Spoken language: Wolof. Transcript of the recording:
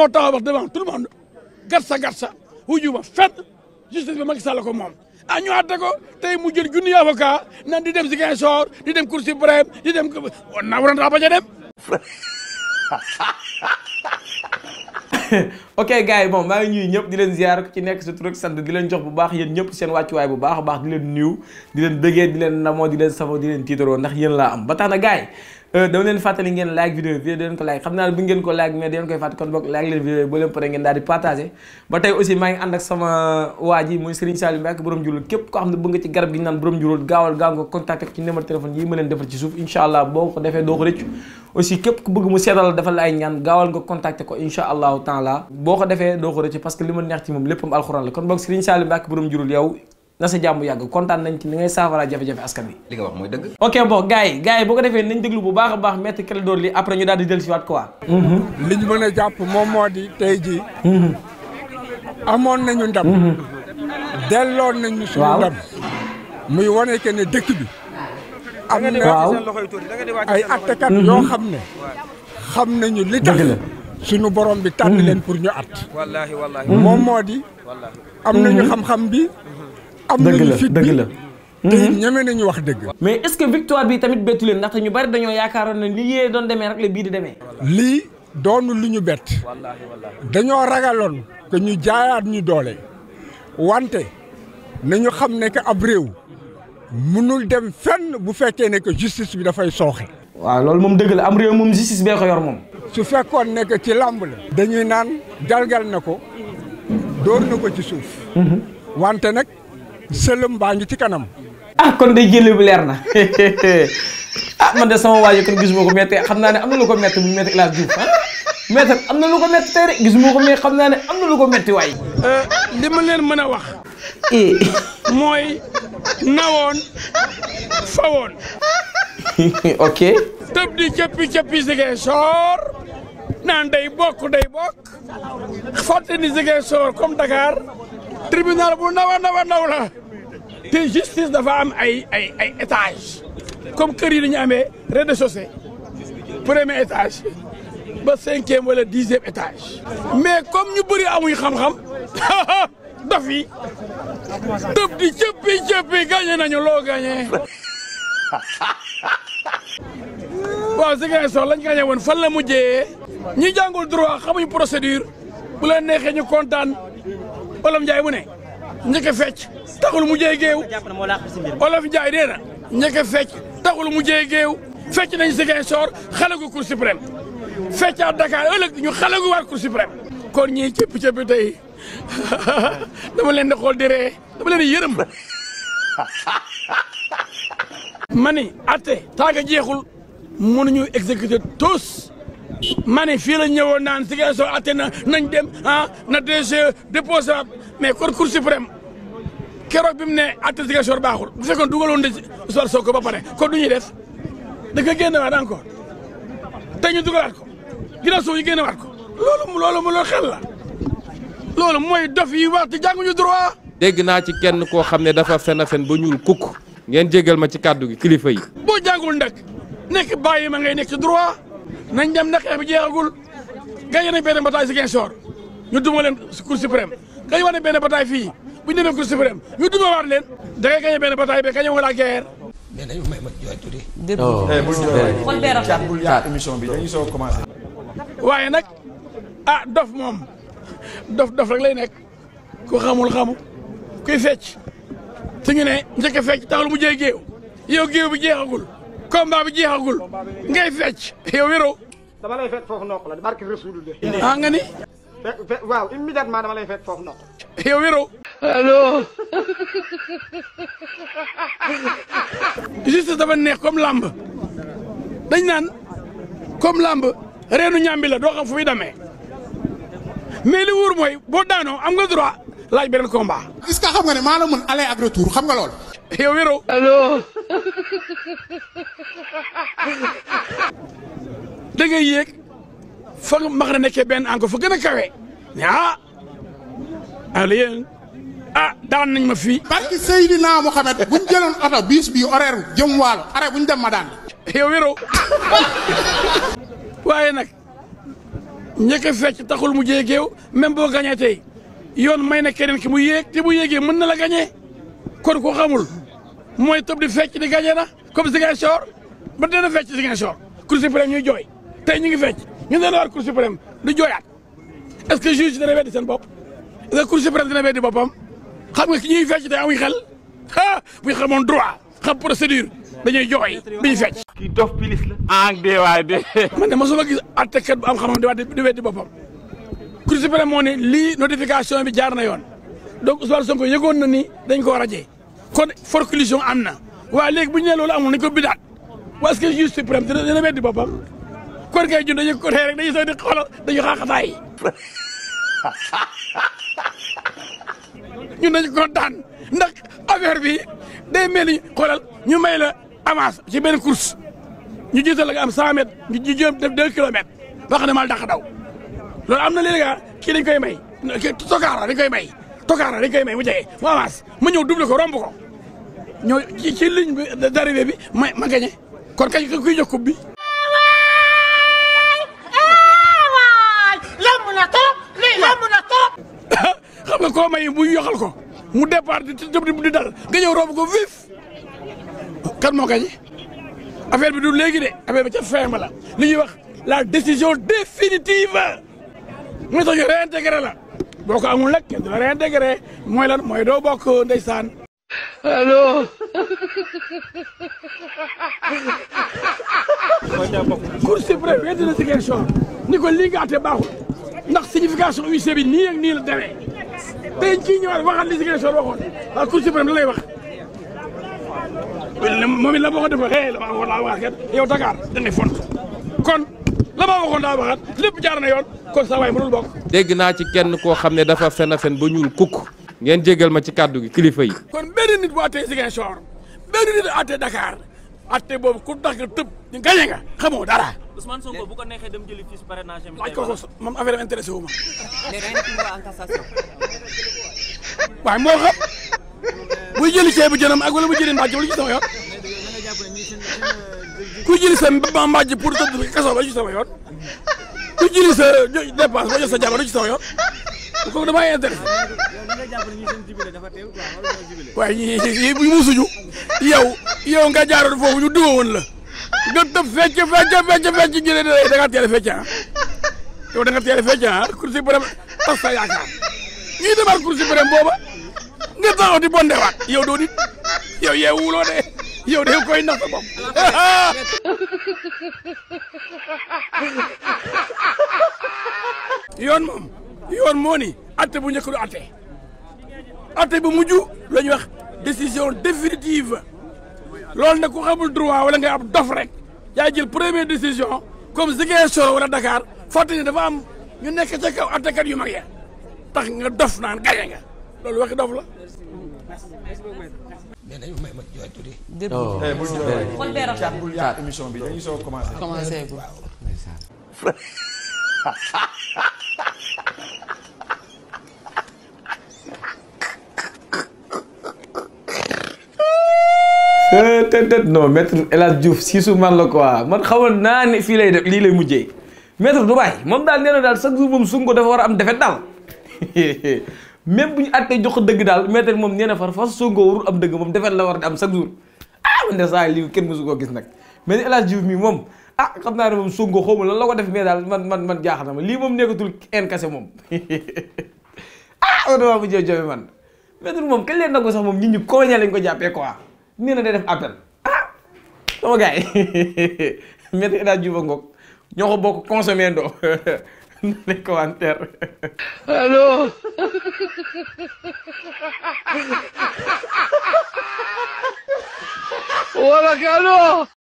moo taxaw wax devant tout le monde gatsa gatsa wuju ma fenn justice bi Macky Sall ko moom. a ah, ñu àtte ko tey mu jël junniy avocat nan di dem Ziguinchor di dem Cour suprême di dem na waroon naa bañ a dem. ok gars yi bon maa ngi ñuy ñëpp di leen ziar ku ci nekk sa tur ak di leen jox bu baax yen ñëpp seen wàccuwaay bu baax baax di leen nuyu di leen bëggee di leen namoo di leen safoo di leen tiitaroo ndax yéen laa am ba tax na gars yi Euh, dama leen fàttali ngeen like vidéo bi vidéo di leen ko like xam naa ne bu ngeen ko like mais di leen koy fàttali kon boog like leen vidéo yi ba ngeen daal di partagé ba tey aussi maa ngi ànd ak sama waa ji muy Serigne Saliou Mbacke borom jurul képp koo xam ne bëgg nga ci garab gi ñu borom jurul gaawal gaaw nga contacté ko ci numéro téléphone yi ma leen defal ci suuf incha allah boo ko defee doo ko rëccu aussi képp ku bëgg mu seetal defal la ay ñaan gaawal nga contacté ko incha allahu taala boo ko defee doo ko rëccu parce que li ma neex ci moom léppam alxuraan la na sa jàmm yàgg kontaan nañ ci ni ngay saafara jafe-jafe askan wi li nga wax mooy dëgg ok bon gars yi gars yi boo ko defee nañ déglu bu baax a baax maître Clédor Ly après ñu daal di dellu si waat mm-hmm. a jàpp moom moo di tey ji mm-hmm. amoon nañu ndam mm-hmm. delloon nañu suñu ndam muy wane que dëkk bi am na ay attekat yoo xam ne xam nañu li tax suñu borom bi tànn leen pour ñu at wallaahi wallaahi moom moo di am nañu xam-xam bi am na nañu fit dëgg la te mhm. ñeme nañu wax dëgg. mais est-ce que victoire bi tamit bettu leen ndaxte ñu bari dañoo yaakaaroon ne lii yee doon demee rek la bii di demee. lii doonu lu ñu bett dañoo ragaloon que ñu jaayaat ñu doole wante nañu xam ne que ab réew mënul dem fenn bu fekkee ne que justice bi dafay sooxe. waaw loolu moom dëgg la am réew moom justice bee ko yor moom. su fekkoon ne ci làmb la. dañuy naan galgal na ko dóor na ko ci suuf. Mhm. wante nag. selum baa ci kanam ah kon day jële bi na ah man de sama waajo kon gis moko metti xamna naa ne am lu ko metti bu metti Elhadji Diouf ah metti am lu ko metti tey de gisuma ko mais xam naa ne am lu ko metti waay euh, li ma leen wax eh. ok tëb di cëppi ci sigee sor nan day bok day bok fatani sor comme Dakar tribunal bu nawa nawa nawla te justice dafa am ay ay ay étage comme kër yi dañu amee rez de premier étage ba cinquième wala dixième étage mais comme ñu bëri amuñ xam-xam dof yi tëb di cëppi cëppi gagné nañu loo gagné waaw si nga sox lañ gagné woon fan la mujjee ñi jàngul droit xamuñ procédure bu la neexee ñu kontaan olam Njaay mu ne njëkk a fecc taxul mu jee géew olof Njaay nee na njëkk a fecc taxul mu jee géew fecc nañ Ziguinchor xalagu Cour suprême feccaat Dakar ëllëg ñu xalagu waat Cour suprême kon ñii cëpp cëpp tey dama leen di xool di ree dama leen di yërëm ma ni atte taaga jeexul mënuñu exécuter tous mané fi la ñëwoon naan ci gesso até na nañ dem ah na DG déposé mais cour cour suprême kérok bi mu ne atté si gesso baaxul bu fekkoon dugaloon de Ousmane soko ba paré ko duñu def da nga gënë waat encore te ñu dugalaat ko dina so yu gënë waat ko mu lolu mu lo xel la lolu moy dof yi waat te ñu droit dégg na ci kenn ko xamné dafa fena fen ba ñuul kukk ngeen jégal ma ci kaddu gi kilifa yi bo jangul nag nek baye ma ngay nek ci droit nañ dem nag xeex bi jeexagul gañe nañ benn bataille si Ziguinchor ñu duma leen Cour suprême gañe waat nañ benn bataille fii bu ñu demee Cour suprême ñu duma waat leen da ngay gañe benn bataille ba gañe wala la guerre. mais nañu may ma oh. eh, yaa émission bi dañuy soog commencé. waaye nag ah dof moom dof dof lay nekk ku xamul xamu kuy fecc te ñu ne njëkk a fecc taxul mu jëy géew yow géew bi jeexagul. combat bi jeexagul ngay fecc yow wéroo. dama lay fekk ah, nga ni. fe fe waaw immédiatement dama lay fekk foofu noq. yow wéroo. allo. neex comme làmb dañ naan comme làmb reenu ñàmbi la doo xam fu muy demee mais li wóor mooy boo daanoo am nga droit laaj beneen combat. est-ce que xam nga ne maa la mën aller ak xam nga loolu. yow wéroo. allo. da ngay yéeg fa max na nekkee benn encore fa gën a kawe ne ah ala ah, yéen ah, daan nañ ma fii barki Seydina Mohamed buñ jëloon oto biis bii horaire jëm waalo are buñ dem ma daan yow wéroo waaye nag njëkk a fecc taxul mu jéegeew même boo gañee yoon may na keneen ki mu yéeg te bu yéegee mën na la gañee kon ko xamul mooy tëb di fecc di gañee na comme si ngay soor ba dina fecc si ngeen soor cour suprême ñuy jooy tey ñu ngi fecc ñu ne la war cour suprême du jooyaat est-ce que juge dana weddi seen bopp est-ce que cour suprême dina weddi boppam xam nga ki ñuy fecc tey amuñ xel ah bu ñu xamoon droit xam procédure dañuy jooy duñu fecc. kii dof pilis la. ah dee waay dee. man de mosuma gis àttekat bu am xam-xam di weddi boppam cour suprême moo ne lii notification bi jaar na yoon donc Ousmane Sonko yëgoon na ni dañ ko war a jee kon forclusion am na waaye léegi bu ñu nee loolu amul nañ parce que juge suprême dina dina weddi boppam kor kay jun dañu koree rek dañu soog di xoolal dañu xaaxataay ñun dañu kontaan ndax affaire bi day mel ni xoolal ñu may la avance ci benn course ñu jiital la nga am 100 mètres ñu ji jëm def 2 kilomètres ba xam ne maal dàq daw loolu am na léegi nag ah, kii dañ koy may tokaara dañ koy may tokaara dañ koy may mu jege mu avance mu ñëw double ko romb ko ñoo ci ci ligne bi d'arrivée bi may ma gagné kon kañ ka kuy na coupe bi. xam nga koo may bu yoxal ko mu départ di di dal nga ñëw ko vif kan moo gañe affaire bi du léegi de affaire bi ca fin la li ñuy wax la décision définitive mooy sax ñu réintégré la boo ko amul nag kenn du la réintégré mooy lan mooy doo bokk ndeysaan Hallo. Cour suprême weddi ni ko lii nga àtte baaxul ndax signification huissier bi nii ak nii la demee tey kii ñëwaat li Ziguinchor waxoon waaw Cour suprême la lay wax. moom it la ma ko defee hey la ma waxoon laa waxaat kat yow Dakar da ngay font kon la ma waxoon laa waxaat lépp jaar na yoon kon saa waay mënul bokk. dégg naa ci kenn koo xam ne dafa fen ba ñuul kukk. ngeen jégal ma ci kàddu gi kilifa yi. kon benn nit bu àttee Ziguinchor benn nit bu àttee Dakar boobu ku tax nga tëb ñu gañe xamoo dara. Ousmane Sonko bu ko neexee dem jëli fiche parrainage am. laaj ko ko moom affaire am intéressé wu ma. waaye moo xam buy jëli ceebu jënam ak wala bu jëli mbàjj wala ci sama yoon. ku jëli sa mbaa mbàjj pour tëdd kaso ba ci sama yoon. ku jëli sa dépense ba jot ci sama kooku damay intéressé. waaye ñii ñii ñii muusuñu yow yow nga jaaroon foofu ñu diwa woon la nga fecc fecc fecc fecc ñu ne da nga teel a fecc ah yow da teel fecc ah cour suprême tas sa yaakaar ñuy demaat cour suprême booba nga taxaw di bondewaat yow doo nit yow yee wuloo de yow de koy nax sa yoon moom. Il y a atte bu njëkk du bu la décision définitive xamul droit wala nga dof rek première décision comme Ziguinchor wala Dakar fàtte ne dafa am ñu nekk ca kaw attekat yu mag tax nga dof naan nga dof la mais Eh, tët tët maître El Hadj Diouf siisu man la quoi man xawoon naa ne fii lay def lii lay mujjee maître du bàyyi moom daal nee chaque jour moom sunko dafa war am defet daal même bu ñu jox ko dëgg maître moom nee far am dëgg moom defet la am chaque jour ah man de saa lii kenn mosu koo gis nag mais El Diouf mi ah xam naa ne moom Sonko xawma lan la ko def mais daal man man man jaaxal na ma lii moom nekkatul en kase moom ah on damaa mujjee jooy man maître moom kañ leen nangu sax moom nit ñi kooñee lañ ko jàppee quoi nee na day def appel ah sama gars yi maître El Hadji Diouf a ngoog ñoo ko bokk consommé ndoo ne commentaire allo wala kano